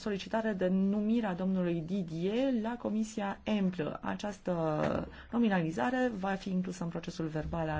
solicitare de numire a domnului Didier la Comisia Emplă. Această nominalizare va fi inclusă în procesul verbal al